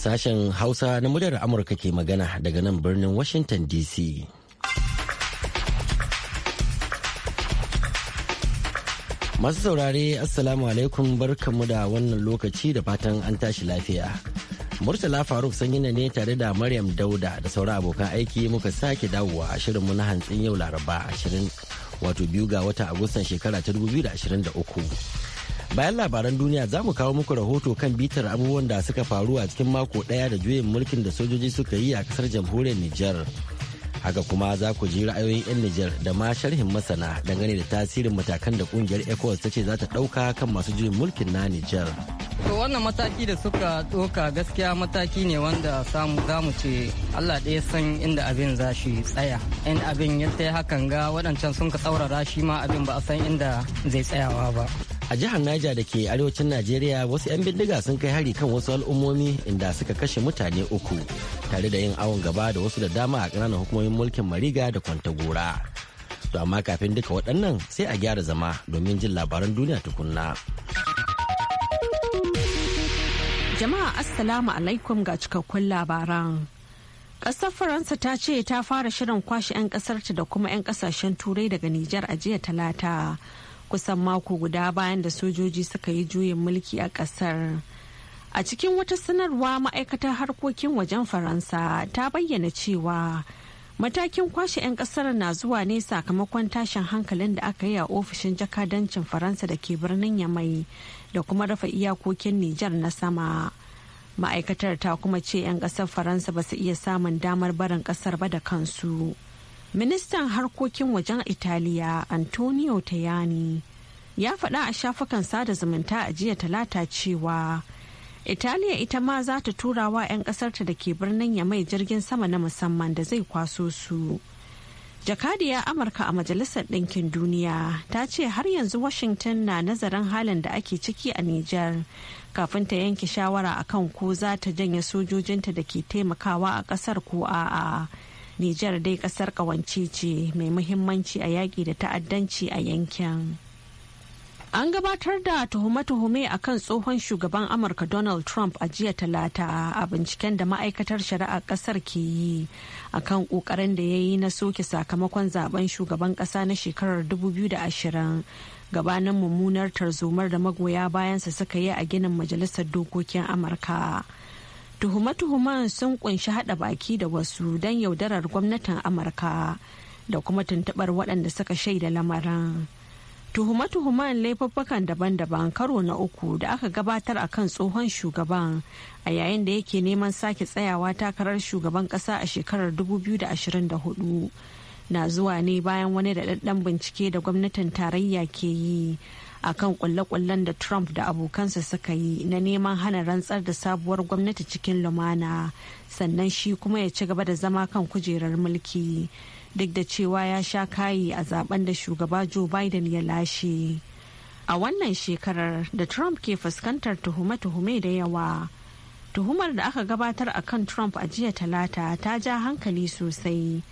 Sashen Hausa na muryar Amurka ke magana daga nan birnin Washington DC. Masu saurare Assalamu alaikum barkamu da wannan lokaci da fatan an tashi lafiya. Murtala Faruk sanyina ne tare da Maryam Dauda da sauran abokan aiki muka sake dawowa a shirinmu na hantsin yau Laraba 20 wato biyu ga wata Agustan shekara ta 2023. bayan labaran duniya za mu kawo muku rahoto kan bitar abubuwan da suka faru a cikin mako daya da juyin mulkin da sojoji suka yi a kasar jamhuriyar nijar haka kuma za ku ji ra'ayoyin 'yan nijar da ma sharhin masana dangane da tasirin matakan da kungiyar ecowas ta ce za ta ɗauka kan masu juyin mulkin na nijar to wannan mataki da suka doka gaskiya mataki ne wanda samu za mu ce allah ɗaya san inda abin za shi tsaya in abin ya hakan ga wadancan sun ka tsaurara shi ma abin ba a san inda zai tsayawa ba a jihar Niger da ke arewacin Najeriya wasu 'yan bindiga sun kai hari kan wasu al'ummomi inda suka kashe mutane uku tare da yin awon gaba da wasu da dama a ƙananan hukumomin mulkin Mariga da Kwantagora. To amma kafin duka waɗannan sai a gyara zama domin jin labaran duniya tukunna. Jama'a Assalamu alaikum ga cikakkun labaran. Ƙasar Faransa ta ce ta fara shirin kwashe 'yan ƙasarta da kuma 'yan ƙasashen turai daga Nijar a jiya talata. kusan mako guda bayan da sojoji suka yi juyin mulki a ƙasar. A cikin wata sanarwa ma'aikatar harkokin wajen Faransa ta bayyana cewa matakin kwashe 'yan kasar na zuwa ne sakamakon tashin hankalin da aka yi a ofishin jakadancin Faransa da ke birnin Yamai da kuma rafa iyakokin Nijar na sama. Ma'aikatar ta kuma ce 'yan kasar Faransa ba su iya samun damar barin kasar ba da kansu. ministan harkokin wajen italiya antonio tayani ya faɗa a shafukan sada zumunta a jiya talata cewa italiya ita ma za ta tura wa 'yan ƙasarta da ke birnin ya mai jirgin sama na musamman da zai kwaso su jakadiya amurka a majalisar ɗinkin duniya ta ce har yanzu washington na nazarin halin da ake ciki a niger kafin ta yanke shawara akan ko za ta janye sojojinta da ke taimakawa a ƙasar ko a'a. Nijar dai kasar kawance ce mai muhimmanci a yaƙi da ta'addanci a yankin. An gabatar da tuhume-tuhume a kan tsohon shugaban Amurka Donald Trump a jiya talata a binciken da ma'aikatar shari'a kasar ke yi a kan ƙoƙarin da ya yi na soke sakamakon zaben shugaban ƙasa na shekarar 2020 gabanin mummunar tarzomar da magoya bayansa suka yi a ginin Majalisar Dokokin Amurka. tuhume-tuhumen sun kunshi hada baki da wasu don yaudarar gwamnatin amurka da kuma tuntubar waɗanda suka shaida lamarin tuhume-tuhumen laifuffukan daban-daban karo na uku da aka gabatar a kan tsohon shugaban a yayin da yake neman sake tsayawa takarar shugaban ƙasa a shekarar 2024 na zuwa ne bayan wani da bincike da gwamnatin tarayya ke yi akan kulle da Trump da abokansa suka yi na neman hana rantsar da sabuwar gwamnati cikin lumana sannan shi kuma ya ci gaba da zama kan kujerar mulki duk da cewa ya sha kayi a zaben da shugaba Joe Biden ya lashe. A wannan shekarar da Trump ke fuskantar tuhume-tuhume da yawa. Tuhumar da aka gabatar a kan Trump a jiya talata ta ja hankali sosai.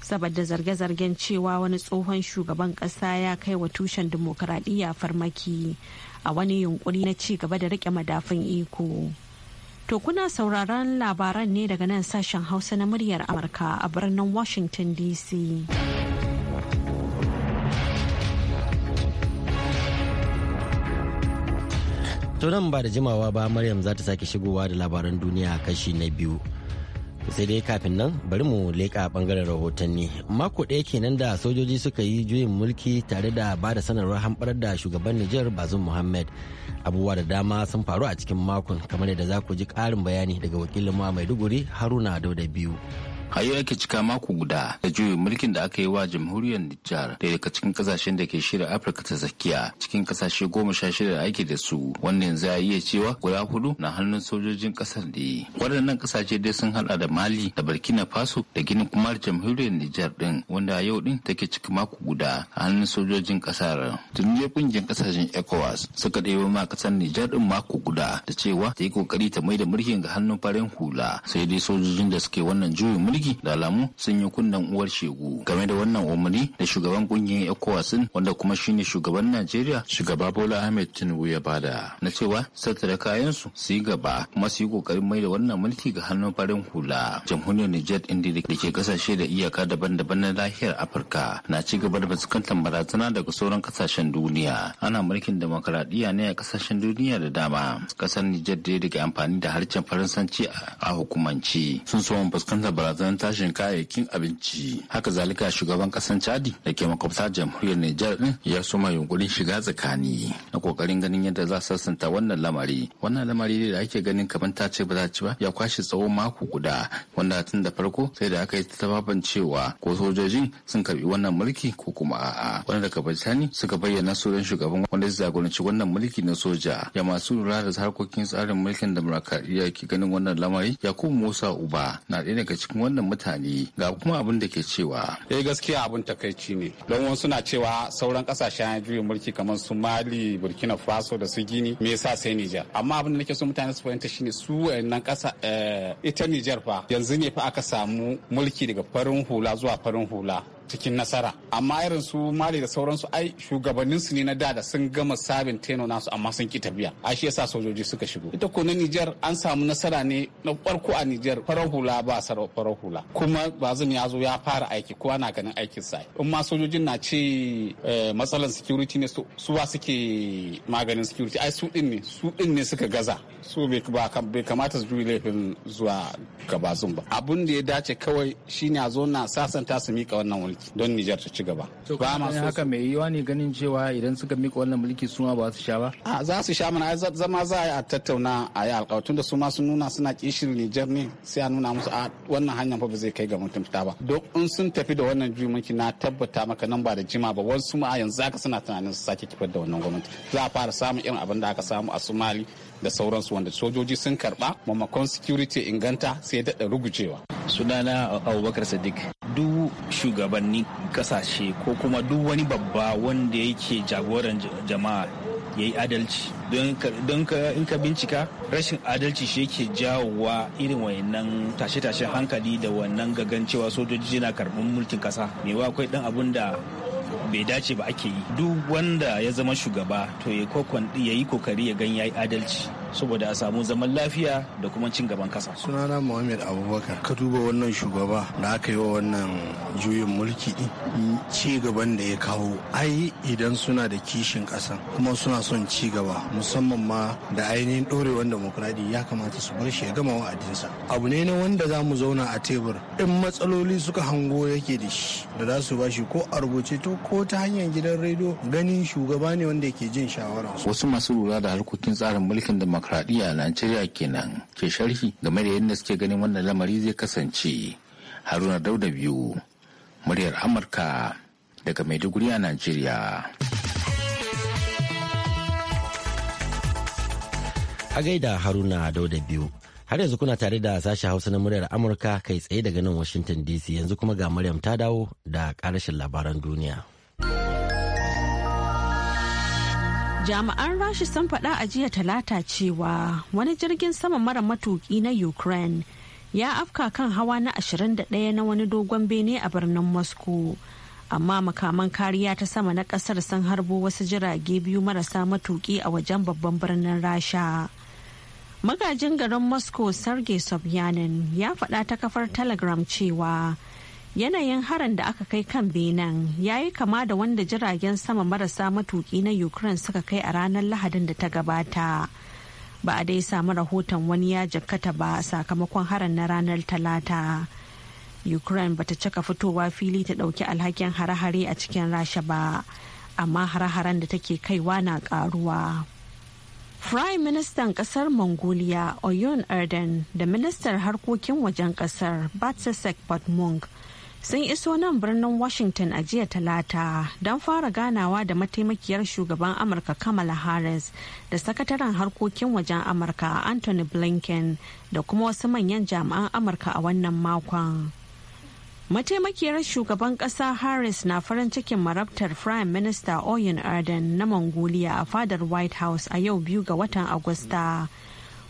saboda zarge-zargen cewa wani tsohon shugaban ƙasa ya kai wa tushen dimokuraɗiyya farmaki a wani yunkuri na ci gaba da rike madafin iko. To kuna sauraron labaran ne daga nan sashen Hausa na muryar Amurka a birnin Washington DC. tunan ba da jimawa ba Maryam za ta sake shigowa da labaran duniya kashi na biyu. sai dai kafin nan bari mu leƙa bangaren rahotanni mako ɗaya kenan da sojoji suka yi juyin mulki tare da ba da sanarwar hamɓar da shugaban nijar bazum muhammad abubuwa da dama sun faru a cikin makon kamar yadda za ku ji ƙarin bayani daga wakilin mai maiduguri haruna dauda biyu a yau ake cika mako guda da juyin mulkin da aka yi wa jamhuriyar Nijar da daga cikin kasashen da ke shirya Afirka ta tsakiya cikin kasashe goma sha shida da ake da su wanda yanzu a iya cewa guda hudu na hannun sojojin kasar ne. Waɗannan kasashe dai sun hada da Mali da Burkina Faso da ginin kuma jamhuriyar Nijar din wanda a yau din take cika mako guda a hannun sojojin kasar. Tun ne kungiyar kasashen ECOWAS suka ɗebo ma kasar Nijar din mako guda da cewa ta yi kokari ta mai da mulkin ga hannun farin hula sai dai sojojin da suke wannan juyin mulki mulki da alamu sun yi kunnen uwar shegu game da wannan umarni da shugaban kungiyar ecowas wanda kuma shine shugaban najeriya shugaba bola ahmed tinubu ya bada na cewa tattara kayansu su yi gaba kuma su yi kokarin mai da wannan mulki ga hannun farin hula jamhuriyar niger inda da ke kasashe da iyaka daban-daban na lahiyar afirka na ci gaba da fuskantar barazana daga sauran kasashen duniya ana mulkin demokaradiyya ne a kasashen duniya da dama kasar niger da ke amfani da harshen faransanci a hukumance sun so fuskantar barazana tsananin tashin kayayyakin abinci haka zalika shugaban kasan chadi da ke makwabta jamhuriyar nijar din ya suma yunkurin shiga tsakani na kokarin ganin yadda za sassanta wannan lamari wannan lamari ne da ake ganin kamar ta ce ba za ci ba ya kwashe tsawon mako guda wanda tun da farko sai da aka yi ta cewa ko sojojin sun karbi wannan mulki ko kuma a'a wanda daga bisani suka bayyana sunan shugaban wanda zai jagoranci wannan mulki na soja ya masu lura da harkokin tsarin mulkin da ke ganin wannan lamari ya yakubu musa uba na ɗaya daga cikin wannan wannan mutane ga kuma abin da ke cewa. Eh gaskiya abin takaici ne. Don wasu na cewa sauran ƙasashen juyin mulki kamar su Mali, Burkina Faso da su Gini me yasa sai Nijar. Amma abin da nake so mutane su fahimta shine su wayannan ƙasa eh, ita Nijar fa yanzu ne fa aka samu mulki daga farin hula zuwa farin hula. cikin nasara amma irin su mali da sauransu ai shugabannin su ne na da da sun gama sabin teno nasu amma sun ki tafiya a shi yasa sojoji suka shigo ita ko na Nijar an samu nasara ne na farko a Nijar farar hula ba sarar farar kuma bazin ya zo ya fara aiki kowa na ganin aikin sa in ma sojojin na ce eh, matsalan security ne su ba suke maganin security ai su din ne su din ne suka gaza su bai kamata su juyi laifin zuwa gabazun ba abun da ya dace kawai shine a zo na sasanta su mika wannan wani don Nijar ta ci gaba. Ba ma so haka mai yiwa ne ganin cewa idan suka mika wannan mulki su ma ba su sha ba. A za su sha mana zama za a yi a tattauna a yi alƙawar da su ma sun nuna suna kishin Nijar ne sai a nuna musu a wannan hanyar ba zai kai ga mutunta ba. Duk in sun tafi da wannan juyin mulki na tabbata maka nan ba da jima ba wasu ma a yanzu haka suna tunanin su sake kifar da wannan gwamnati. Za a fara samun irin abin da aka samu a Somali da sauransu wanda sojoji sun karba mamakon security inganta sai daɗa rugujewa. sunana abubakar sadiq duk shugabanni kasashe ko kuma duk wani babba wanda yake jagoran jama'a ya yi adalci don in ka bincika rashin adalci shi yake jawowa irin wayannan tashe-tashen hankali da wannan gagancewa sojoji na karɓar mulkin kasa mewa akwai dan abun da bai dace ba ake yi duk wanda ya zama shugaba to ya yi kokari ya gan yayi adalci saboda a samu zaman lafiya da kuma cin gaban kasa sunana muhammad abubakar ka duba wannan shugaba da aka yi wa wannan juyin mulki ci gaban da ya kawo ai idan suna da kishin kasan kuma suna son ci gaba musamman ma da ainihin ɗorewan demokuraɗi ya kamata su bar shi ya gama wa'adinsa abu ne na wanda za mu zauna a tebur in matsaloli suka hango yake da shi da za su bashi ko a rubuce to ko ta hanyar gidan rediyo ganin shugaba ne wanda ke jin shawara wasu masu lura da harkokin tsarin mulkin da demokradiyya a Najeriya kenan ke sharhi game da yadda suke ganin wannan lamari zai kasance. Haruna Dauda biyu muryar Amurka daga Maiduguri a Najeriya. A gaida Haruna Dauda biyu. Har yanzu kuna tare da sashi Hausa na muryar Amurka kai tsaye daga nan Washington DC yanzu kuma ga Maryam ta dawo da karashin labaran duniya. jami'an rashi sun faɗa a jiya talata cewa wani jirgin sama mara matuki na ukraine ya afka kan hawa na 21 na wani dogon bene a birnin moscow amma makaman kariya ta sama na kasar sun harbo wasu jirage biyu marasa matuki a wajen babban birnin rasha magajin garin moscow sergei sobyanin ya faɗa ta kafar telegram cewa yanayin harin da aka kai kan benin ya yi kama da wanda jiragen sama marasa matuki na ukraine suka kai a ranar lahadin da ta gabata ba a dai samu rahoton wani ya jakkata ba sakamakon harin na ranar talata ukraine bata cika fitowa fili ta dauki alhakin hare-hare a cikin rasha ba amma hare-haren da take kaiwa na karuwa. Prime Ministan kasar Mongolia Oyun Erden da Ministar Harkokin wajen kasar Batsasek Batmung sun iso nan birnin washington a jiya talata don fara ganawa da mataimakiyar shugaban amurka kamala harris da sakataren harkokin wajen amurka anthony blinken da kuma wasu manyan jami'an amurka a wannan makon mataimakiyar shugaban kasa harris na farin cikin marabtar prime minister oyin arden na mongolia a fadar white house a yau biyu ga watan agusta.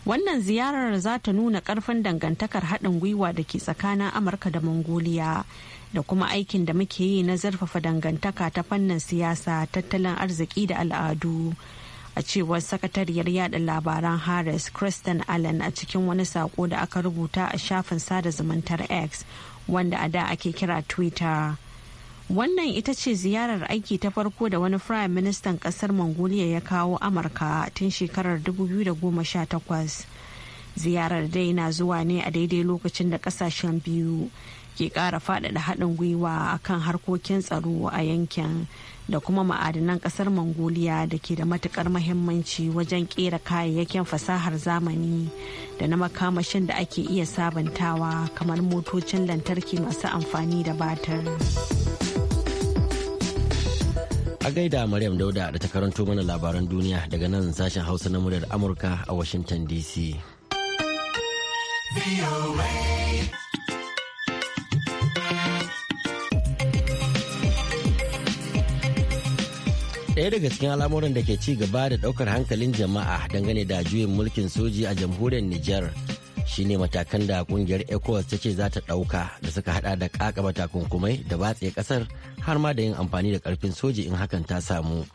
Wannan ziyarar za ta nuna ƙarfin dangantakar haɗin gwiwa da ke tsakanin Amurka da Mongolia da kuma aikin da muke yi na zarfafa dangantaka ta fannin siyasa, tattalin arziki da al'adu. A cewar sakatariyar yada labaran Harris, Kristen Allen a cikin wani sako da aka rubuta a shafin sada zumuntar X wanda a da ake kira Twitter. Wannan ita ce ziyarar aiki ta farko da wani firayim ministan kasar Mongolia ya kawo Amurka tun shekarar 2018. Ziyarar dai na zuwa ne a daidai lokacin da kasashen biyu ke ƙara faɗaɗa haɗin gwiwa a kan harkokin tsaro a yankin da kuma ma'adanan ƙasar Mongolia da ke da matukar mahimmanci wajen ƙera kayayyakin fasahar zamani da na makamashin da ake iya sabantawa kamar motocin lantarki masu amfani da batir. A gaida Maryam Dauda da ta karanto mana labaran duniya daga nan sashen Hausa na muryar Amurka a Washington DC. Daya daga cikin al'amuran da ke ci gaba da ɗaukar hankalin jama'a dangane da juyin mulkin soji a jamhuriyar Nijar shine matakan da kungiyar ecowas ta ce za ta ɗauka da suka hada da kakaba takunkumai da batse kasar har ma da yin amfani da karfin soji in hakan ta samu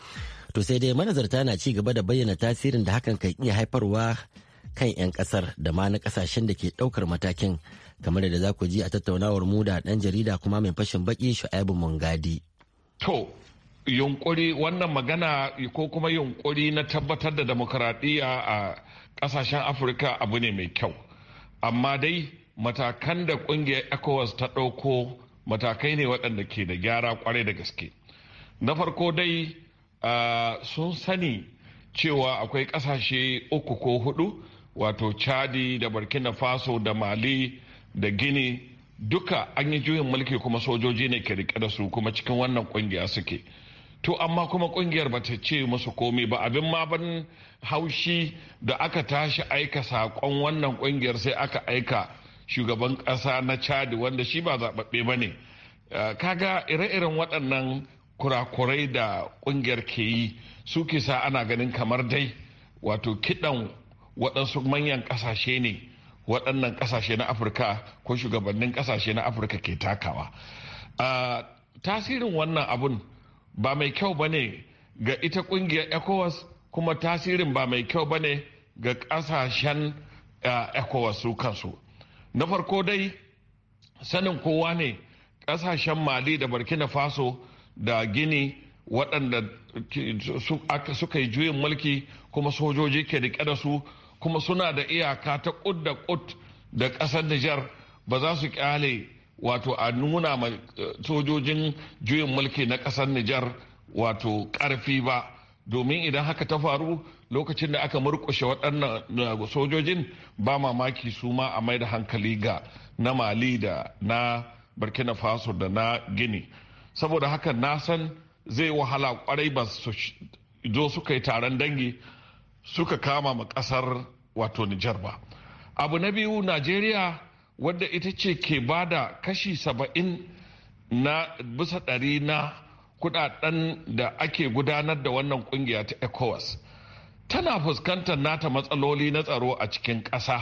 to sai dai manazarta na ci gaba da bayyana tasirin da hakan kan iya haifarwa kan 'yan kasar da ma na kasashen da ke ɗaukar matakin kamar da za ku ji a tattaunawar mu da ɗan jarida kuma mai fashin baki shu'aibu mungadi to yunkuri wannan magana ko kuma yunkuri na tabbatar da demokaradiyya a ƙasashen afirka abu ne mai kyau amma dai matakan da kungiyar ecowas ta ɗauko matakai ne waɗanda ke da gyara kwarai da gaske na farko dai sun sani cewa akwai ƙasashe uku ko hudu wato chadi da burkina faso da mali da gini duka an yi juyin mulki kuma sojoji ne ke rike da su kuma cikin wannan kungiya suke to amma kuma kungiyar ba ta ce musu komai ba abin ma ban haushi da aka tashi aika sakon wannan kungiyar sai aka aika shugaban kasa na chad wanda shi ba zaɓaɓɓe ba ne eh, kaga ire-iren waɗannan kurakurai da kungiyar ke yi su sa ana ganin kamar dai wato kiɗan waɗansu manyan ƙasashe ne waɗannan ƙasashe na afirka ko shugabannin ƙasashe na afirka ke takawa eh, tasirin wannan abun ba mai kyau ba ne ga ita kungiyar ecowas kuma tasirin ba mai kyau ba ne ga kasashen eh, ecowas su kansu na farko dai sanin kowa ne kasashen mali da burkina faso da gini waɗanda suka yi juyin mulki kuma sojoji ke rike da su kuma suna da iyaka ta Kud da ƙud da ƙasar nijar ba za su kyale wato a nuna ma eh, sojojin juyin mulki na ƙasar Nijar wato ƙarfi ba domin idan haka ta faru lokacin da aka murƙushe waɗannan eh, sojojin ba mamaki su ma a mai da hankali ga na mali da na burkina faso da na gini saboda haka na san zai wahala kwarai ba su zo suka yi taron dangi suka kama ma ƙasar wato nijar ba abu na biyu najeriya wadda ita ce ke ba da kashi saba'in na bisa ɗari na kudaden da ake gudanar da wannan kungiya ta ecowas tana fuskantar nata matsaloli na tsaro a cikin ƙasa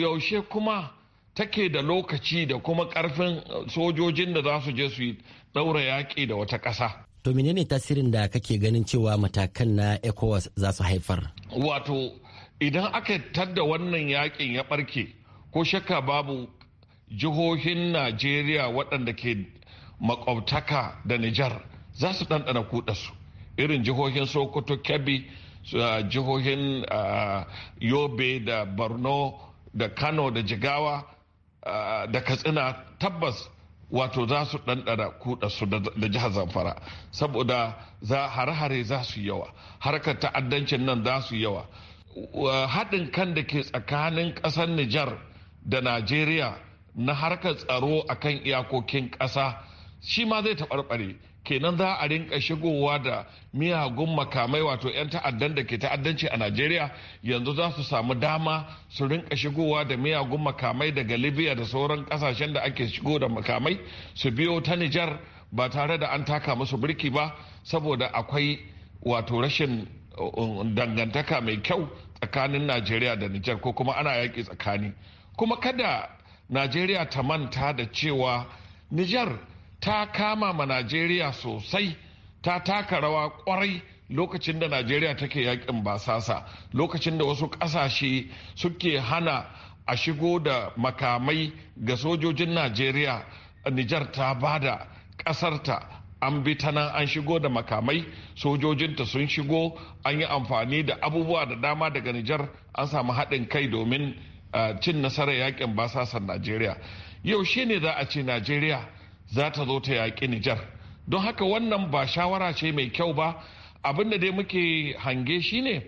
yaushe kuma take da lokaci da kuma ƙarfin sojojin da za su je su yi ɗaura yaƙi da wata ƙasa to menene tasirin da kake ganin cewa matakan na ecowas za su haifar wato idan aka tadda wannan yakin ya barke ko shakka babu jihohin najeriya waɗanda ke makwabtaka da nijar za su ɗanɗana su irin jihohin sokoto kebbi ah, jihohin ah, yobe da borno da kano da jigawa ah, da katsina tabbas wato za su ɗanɗana su da jihar zamfara saboda za hare-hare za su yawa harkar ta'addancin nan za su yawa haɗin kan da ke tsakanin ƙasar Nijar da Najeriya na harkar tsaro a kan iyakokin ƙasa shi ma zai taɓarɓare kenan za a rinka shigowa da miyagun makamai wato 'yan ta'addan da ke ta'addanci a najeriya yanzu za su samu dama su rinka shigowa da miyagun makamai daga libya da sauran ƙasashen da ake shigo da makamai su biyo ta nijar ba tare da an taka musu birki ba saboda akwai wato rashin uh, uh, dangantaka mai kyau tsakanin najeriya da nijar ko kuma ana yaƙi tsakani kuma kada najeriya ta manta da cewa nijar ta kama ma najeriya sosai ta taka rawa kwarai lokacin da najeriya take yakin basasa lokacin da wasu ƙasashe suke hana a shigo da makamai ga sojojin najeriya nijar ta bada ƙasarta an bi ta nan an shigo da makamai sojojinta sun shigo an yi amfani da abubuwa da dama daga nijar an samu haɗin kai domin cin nasarar yakin basasan najeriya yau shi ne za a ce najeriya za ta zo ta yaƙi nijar don haka wannan ba shawara ce mai kyau ba abin da dai muke hange shi ne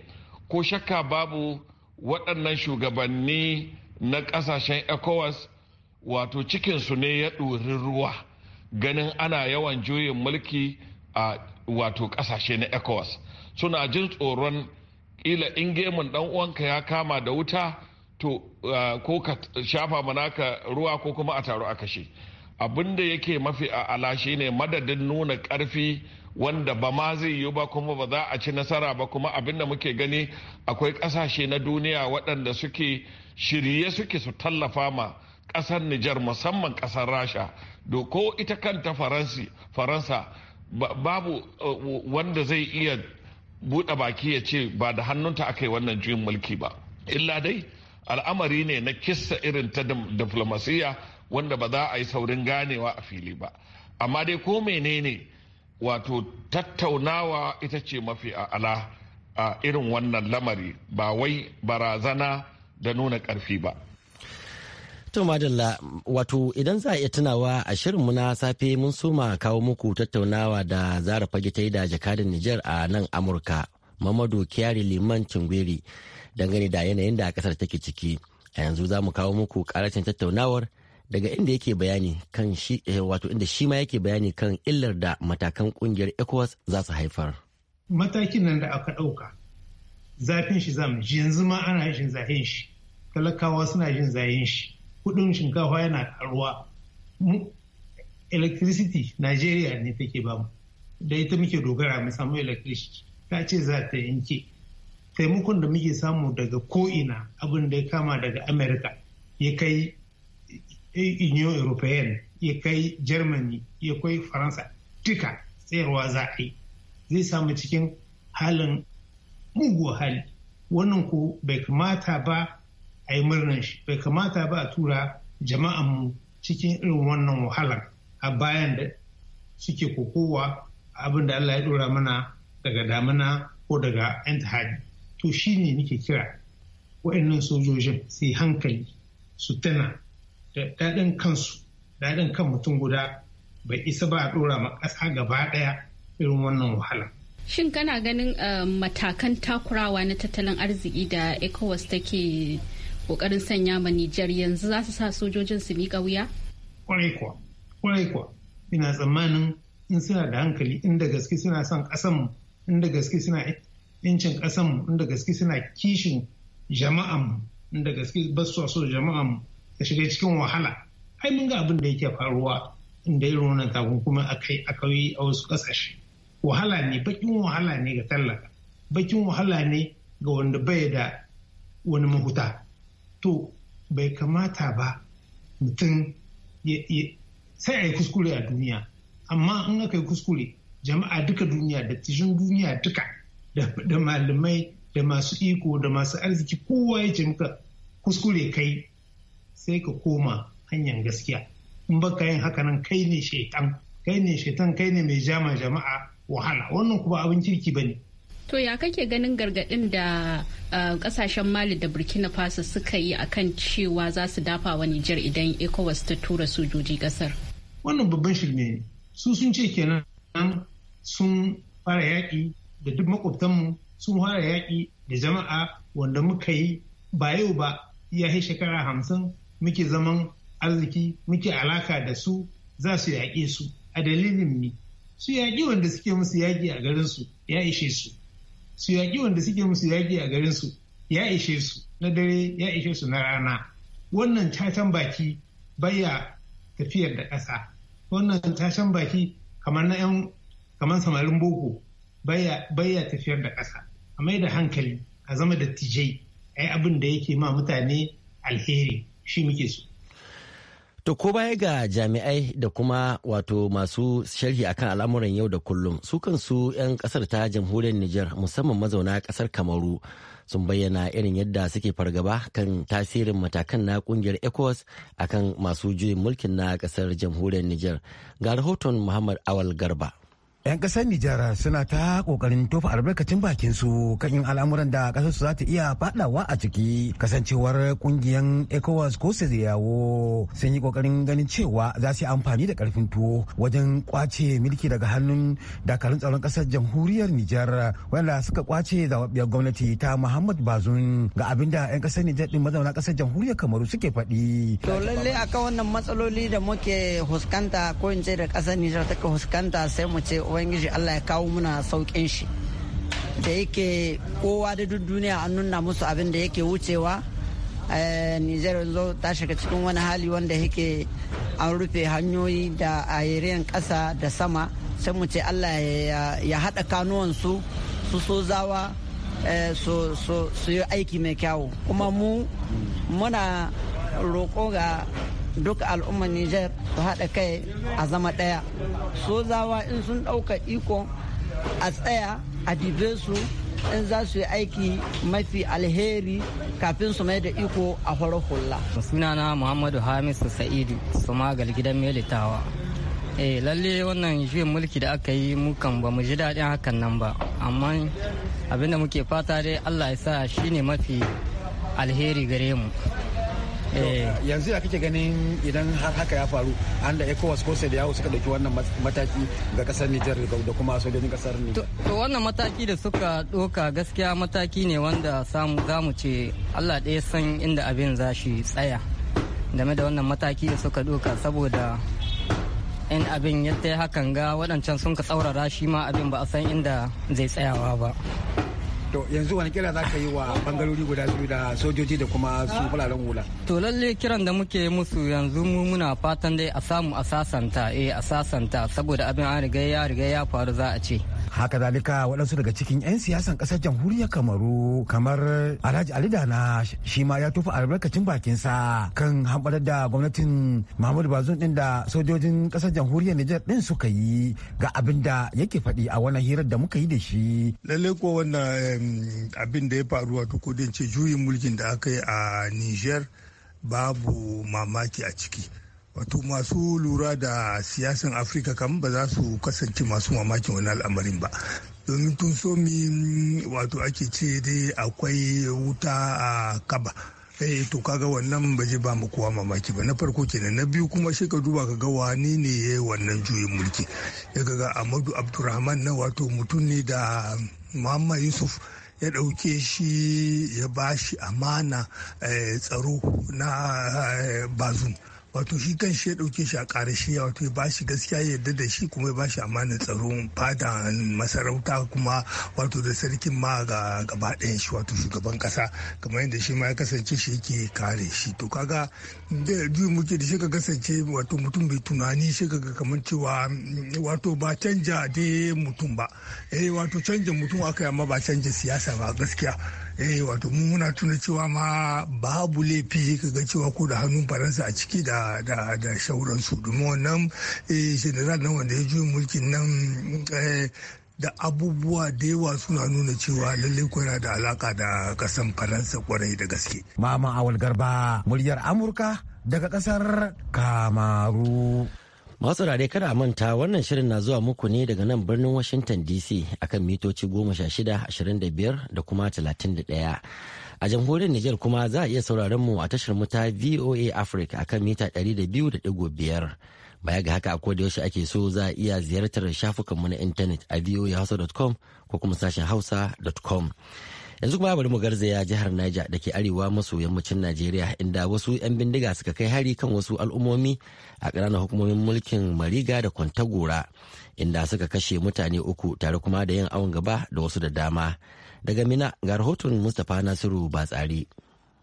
ko shakka babu waɗannan shugabanni na ƙasashen ecowas wato cikinsu ne ya ɗorin ruwa ganin ana yawan juyin mulki a wato kasashe na ecowas suna jin tsoron kila in gemun dan uwanka ya kama da wuta to uh, ko ka shafa manaka ruwa ko kuma a taru a kashe abin da yake mafi ala ne madadin nuna karfi wanda ba ma zai yi ba kuma ba za a ci nasara ba kuma abin da muke gani akwai kasashe na duniya waɗanda suke shirye suke su tallafa ma kasar Nijar musamman kasar Rasha do ko ita kanta Faransa babu uh, wanda zai iya buɗe baki ya ce ba da hannunta aka yi wannan juyin mulki ba illa dai al'amari ne na kissa irin ta diflomasiyya wanda ba za a yi saurin ganewa a fili ba amma dai ko menene wato tattaunawa ita ce mafi ala a irin wannan lamari ba wai barazana da nuna ƙarfi ba To madalla wato idan za a iya tunawa a shirinmu na safe mun soma kawo muku tattaunawa da zara fage ta yi da jakadin Nijar a nan Amurka Mamadu Kyari Liman Cingwiri, dangane da yanayin da kasar take ciki. A yanzu za mu kawo muku karacin tattaunawar daga inda yake bayani kan shi eh, wato inda shi ma yake bayani kan illar da matakan kungiyar ECOWAS za su haifar. Matakin nan da aka ɗauka zafin shi zamu yanzu ma ana jin zafin shi talakawa suna jin zafin shi kudin shinkafa yana karuwa electricity Najeriya ne take bamu da ita muke dogara mu samu electricity ta ce za ta yanke taimakon da muke samu daga ko'ina abin da ya kama daga america ya kai eh, union european ya kai germany ya kai faransa duka tsayarwa za a yi zai samu cikin halin mugu hali wannan ko bai kamata ba a yi murnan shi bai kamata ba a tura jama'anmu cikin irin wannan wahalar a bayan da suke kokowa abin da Allah ya dora mana daga damina ko daga yan tahadi to shi ne nake kira wa'annan sojojin su yi hankali su tana da daɗin kansu daɗin kan mutum guda bai isa ba a dora ma ƙasa gaba ɗaya irin wannan wahala Shin kana ganin eh, matakan takurawa na tattalin arziki da ECOWAS take kokarin sanya ma Nijar yanzu za su sa sojojin su miƙa wuya? Kwarai kuwa, kwarai kuwa. Ina tsammanin in suna da hankali inda gaske suna son ƙasanmu, inda gaske suna yancin ƙasanmu, inda gaske suna kishin jama'anmu, inda gaske ba su so jama'anmu ta shiga cikin wahala. Ai mun ga abin da yake faruwa inda irin wannan takunkumin a akai a wasu ƙasashe. Wahala ne, bakin wahala ne ga tallaka, bakin wahala ne ga wanda bai da wani mahuta to bai kamata ba mutum sai a yi kuskure a duniya amma in aka yi kuskure jama'a duka duniya da tishin duniya duka da malamai da masu iko da masu arziki kowa ya ce muka kuskure kai sai ka koma hanyar gaskiya in baka yin haka nan kai ne shaitan kai ne shaitan kai ne mai jama jama'a wahala wannan kuma abin kirki ba ne. To ya kake ganin gargaɗin da kasashen eh, Mali da Burkina Faso suka yi a kan cewa za su dafa wa Nijar idan ECOWAS ta tura sojoji ƙasar? Wannan babban shirme ne. Su sun ce kenan sun fara yaƙi da duk makwabtanmu sun fara yaƙi da jama'a wanda muka yi ba yau ba ya shekara hamsin muke zaman arziki muke alaka da su za su yaƙe su a dalilin ne su yaƙi wanda suke musu yaƙi a garinsu ya ishe su su yaƙi wanda suke musu yaƙi a garin su ya ishe su na dare ya ishe su na rana wannan tashan baki baya tafiyar da ƙasa wannan tashan baki kamar na yan kamar samarin boko baya tafiyar da ƙasa a mai da hankali a zama dattijai a yi abin da yake ma mutane alheri shi muke so To ko baya ga jami'ai da kuma wato masu sharhi akan al'amuran yau da kullum su kansu 'yan kasar ta jamhuriyar Nijar musamman mazauna kasar Kamaru sun bayyana irin yadda suke fargaba kan tasirin matakan na kungiyar ECOWAS akan masu juyin mulkin na kasar jamhuriyar Nijar. Ga rahoton Muhammad Awal Garba. 'yan kasar nijar suna ta kokarin tofa albarkacin bakin su kan yin al'amuran da kasar su za ta iya fadawa a ciki kasancewar kungiyan ecowas ko yawo sun yi kokarin ganin cewa za su yi amfani da karfin tuwo wajen kwace mulki daga hannun dakarun tsaron kasar jamhuriyar nijar wanda suka kwace zababbiyar gwamnati ta muhammad bazun ga abin da 'yan kasar nijar din mazauna kasar jamhuriyar kamaru suke faɗi. to lallai akan wannan matsaloli da muke huskanta ko in ce da kasar nijar take huskanta sai mu ce ubangiji allah ya kawo muna saukin shi da yake kowa da duk duniya an nuna musu abin da yake wucewa eh, nijar yanzu ta shiga cikin wani hali wanda yake an rufe hanyoyi da ayiriyan ƙasa da sama sai mu ce allah ya haɗa kanuwansu su so zawa eh, su yi aiki mai kyawu kuma mu muna roƙo ga duk al'ummar Nijar su haɗa kai a zama ɗaya. Sozawa in sun ɗauka iko a tsaya a dibe su in za su yi aiki mafi alheri kafin su mai da iko a horo hula. Sunana Muhammadu Hamisu Sa'idu Sumagal gidan Melitawa. Eh lalle wannan juyin mulki da aka yi mukan ba mu ji daɗin hakan nan ba amma abinda muke fata dai Allah ya sa shine mafi alheri gare mu. Eh. yanzu ya kake ganin idan har haka ya faru an da ecowas ko sai da yawo suka dauki wannan mataki ga kasar nijar da kuma sojojin kasar nijar to wannan mataki da suka doka gaskiya mataki ne wanda samu zamu ce allah ɗaya san inda abin za shi tsaya game da wannan mataki da suka doka saboda in abin yadda hakan ga waɗancan sun ka tsaurara shi ma abin ba a san inda zai tsayawa ba to yanzu wani kira za ka yi wa bangarori guda biyu da sojoji da kuma su fularen hula to lalle kiran da muke musu yanzu mu muna fatan dai a samu a sasanta eh a sasanta saboda abin an riga ya riga ya faru za a ce haka zalika waɗansu daga cikin 'yan siyasan ƙasar jamhuriyar kamaru kamar alhaji ali dana shi ma ya tofa albarkacin bakinsa kan hamɓarar da gwamnatin mahmud bazum ɗin da sojojin ƙasar jamhuriyar nijar ɗin suka yi ga abin da yake faɗi a wannan hirar da muka yi da shi lallai ko wannan abin da ya faru wato ko ce juyin mulkin da aka yi a niger babu mamaki a ciki wato masu lura da siyasan afirka kam ba za su kasance masu mamakin wani al'amarin ba domin tun somi wato ake ce dai akwai wuta a kaba eh to kaga wannan ba zai ba mu kowa mamaki ba na farko kenan na biyu kuma shi ka duba ka ga wani ne ya yi wannan juyin mulki ya ga amadu abdurrahman na wato mutum ne da muhammad yusuf ya ɗauke shi ya ba shi amana eh, tsaro na eh, bazum wato shi kan shi ya dauke shi a ya wato ya shi gaskiya ya yarda da shi kuma ya ba bashi amana tsaron fada masarauta kuma wato da sarkin ma ga gaba ɗayan shi wato shugaban ƙasa kamar yadda shi ma ya kasance shi yake kare shi to kaga da duk muke da shi ka kasance wato mutum bai tunani shi ka ga kamar cewa wato ba canja dai mutum ba eh wato canja mutum aka yi amma ba canja siyasa ba gaskiya eh wato mun muna tuna cewa ma babu laifi ka ga cewa ko da hannun faransa a ciki da da da shauransu domin wannan eh general nan wanda ya ji mulkin nan eh, da abubuwa da yawa suna nuna cewa lallai kwana da alaka da kasan faransa kwarai da gaske mama awal garba muryar amurka daga kasar kamaru Masu rare kada a manta wannan shirin na zuwa muku ne daga nan birnin Washington DC akan mitoci 16-25 da kuma 31. A jamhuriyar Nijar kuma za a iya sauraron mu a tashar mu VOA Africa akan mita 200.5. Baya ga haka akwai da yaushe ake so za a iya ziyartar shafukanmu na intanet a voahausa.com ko kuma sashen hausa.com. yanzu kuma bari mu garzaya jihar Niger da ke arewa maso yammacin Najeriya inda wasu 'yan bindiga suka kai hari kan wasu al'ummomi a ƙananan hukumomin mulkin Mariga da Kwantagora inda suka kashe mutane uku tare kuma da yin awon gaba da wasu da dama. Daga Mina ga rahoton Mustapha Nasiru Batsari.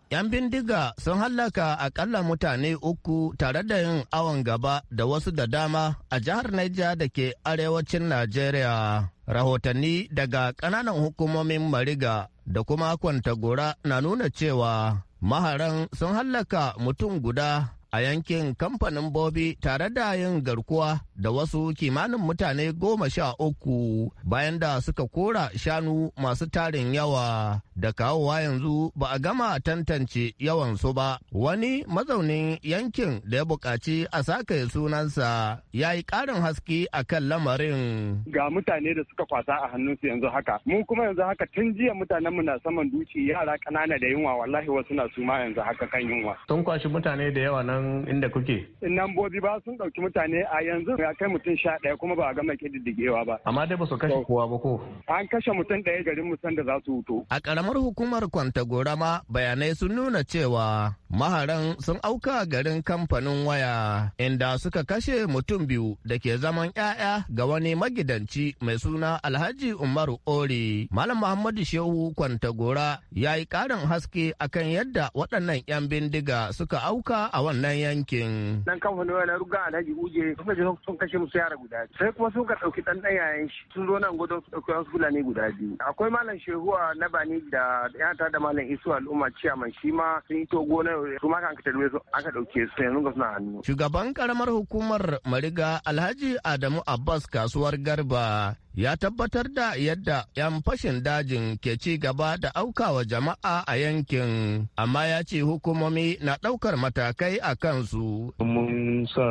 'Yan bindiga sun hallaka akalla mutane uku tare da yin awon gaba da wasu da dama a jihar Niger da ke arewacin Najeriya. Rahotanni daga ƙananan hukumomin Mariga da kuma Kwantagora na nuna cewa maharan sun hallaka mutum guda a yankin kamfanin Bobi tare da yin garkuwa da wasu kimanin mutane goma sha uku bayan da suka kora shanu masu tarin yawa da kawowa yanzu ba a gama tantance yawansu ba wani mazaunin yankin da ya buƙaci a sake sunansa ya yi ƙarin haske a kan lamarin ga mutane da suka kwasa a hannunsu yanzu haka mu kuma yanzu haka tun jiya mutanenmu na saman duci yara ƙanana da yunwa wallahi wasu na suma yanzu haka kan yunwa sun kwashi mutane da yawa nan inda kuke in nan bobi ba sun ɗauki mutane a yanzu ya kai mutum sha ɗaya kuma ba a gama ƙididdigewa ba. Amma dai ba su kashe kowa ba ko? An kashe mutum ɗaya garin mutum da za su wuto. A ƙaramar hukumar kwanta gorama bayanai sun nuna cewa maharan sun auka garin kamfanin waya inda suka kashe mutum biyu da ke zaman 'ya'ya ga wani magidanci mai suna alhaji umaru ori malam muhammadu shehu kwantagora ya yi karin haske akan yadda waɗannan 'yan bindiga suka auka a wannan yankin nan kamfanin waya na ruga alhaji uje suka ji sun kashe musu yara guda sai kuma suka ɗauki ɗan yayan shi sun zo nan gudun su ɗauki wasu fulani guda biyu akwai malam shehu na bani da yata da malam isu al'umma ciyaman shi ma sun yi to gonar su ma ka aka dauke su yanzu ga suna hannu. Shugaban karamar hukumar Mariga Alhaji Adamu Abbas kasuwar Garba ya tabbatar da yadda 'yan fashin dajin ke ci gaba da aukawa jama'a a yankin amma ya ce hukumomi na ɗaukar matakai a kansu. mun sa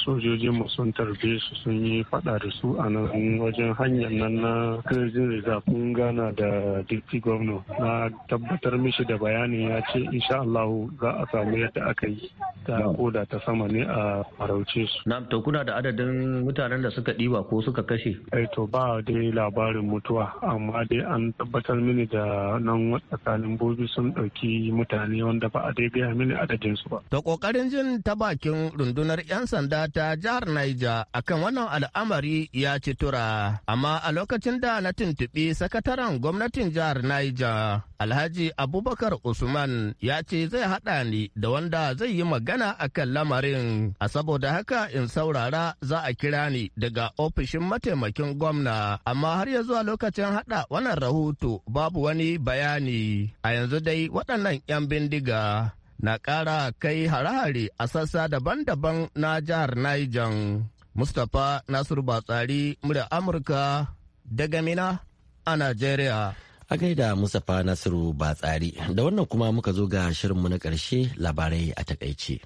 sojojin sun tarbe su sun yi fada da su a nan wajen hanyar nan na kirjin rigafin gana da dikti gwamna na tabbatar mishi da bayani ya ce insha Allah za a samu yadda aka yi ta koda ta sama ne a farauce su. na to kuna da adadin mutanen da suka ɗiba ko suka kashe? Eh, to ba A dai labarin mutuwa amma dai an tabbatar mini da nan tsakanin bobi sun ɗauki mutane wanda ba a dai gaya mini su ba. Da ƙoƙarin jin ta bakin rundunar 'yan sanda ta jihar Naija akan wannan al'amari ya ci tura, amma a lokacin da na tuntuɓi sakataren gwamnatin jihar Naija Alhaji Abubakar Usman ya ce zai haɗa ni da wanda zai yi magana a kan lamarin, a saboda haka in saurara za a kira ni daga ofishin mataimakin gwamna, amma har ya zuwa lokacin haɗa wannan rahoto babu wani bayani. A yanzu dai waɗannan 'yan bindiga na ƙara kai hare-hare a sassa daban-daban na jihar Niger. Mustapha Nasiru Batsari, Amurka, daga Mina a Najeriya. A gaida Mustapha Nasiru ba tsari da wannan kuma muka zo ga shirinmu na ƙarshe labarai a takaice.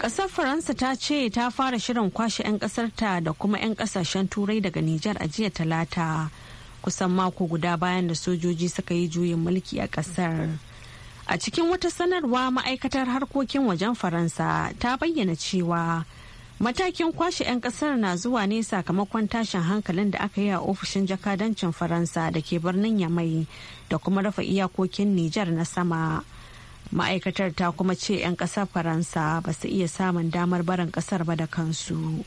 Ƙasar Faransa ta ce ta fara shirin kwashe 'yan ƙasarta da kuma 'yan ƙasashen turai daga Nijar a jiya talata kusan mako guda bayan da sojoji suka yi juyin mulki a ƙasar. A cikin wata sanarwa ma'aikatar harkokin wajen Faransa ta bayyana cewa Matakin kwashe 'yan kasar na zuwa ne sakamakon tashin hankalin da aka yi a ofishin jakadancin Faransa da ke birnin Yamai da kuma rufe iyakokin Nijar na sama. Ma'aikatar ta kuma ce 'yan kasar Faransa ba su iya samun damar barin kasar ba da kansu.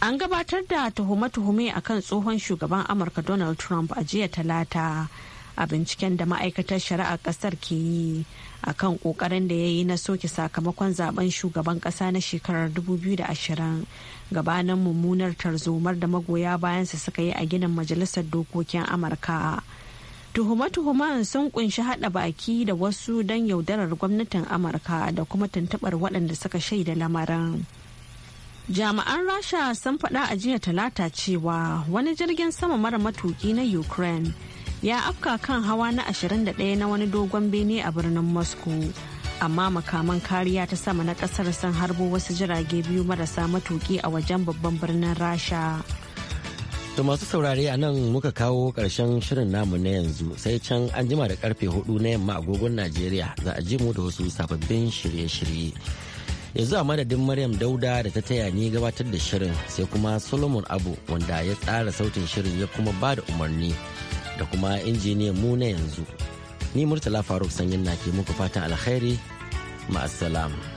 An gabatar da tuhume-tuhume akan tsohon shugaban Amurka Donald Trump a jiya talata. a binciken da ma'aikatar shari'a kasar ke yi a kan kokarin da ya yi na soke sakamakon zaben shugaban kasa na shekarar 2020 gabanin mummunar tarzomar da magoya bayansa suka yi a ginin majalisar dokokin amurka tuhuma tuhuman sun kunshi hada baki da wasu don yaudarar gwamnatin amurka da kuma tuntubar waɗanda suka shaida lamarin. jami'an rasha sun faɗa a jiya talata cewa wani jirgin sama mara matuki na ukraine ya afka kan hawa na 21 na wani dogon bene a birnin moscow amma makaman kariya ta sama na kasar san harbo wasu jirage biyu marasa matuki a wajen babban birnin rasha To masu saurare a nan muka kawo karshen shirin namu na yanzu sai can an jima da karfe hudu na yamma agogon Najeriya za a ji mu da wasu sababbin shirye-shirye. Yanzu a madadin Maryam Dauda da ta taya ni gabatar da shirin sai kuma Solomon Abu wanda ya tsara sautin shirin ya kuma ba da umarni da kuma injiniyan mu na yanzu. Ni Murtala Faruk Sanyin na ke muku fatan alkhairi, ma'assalam.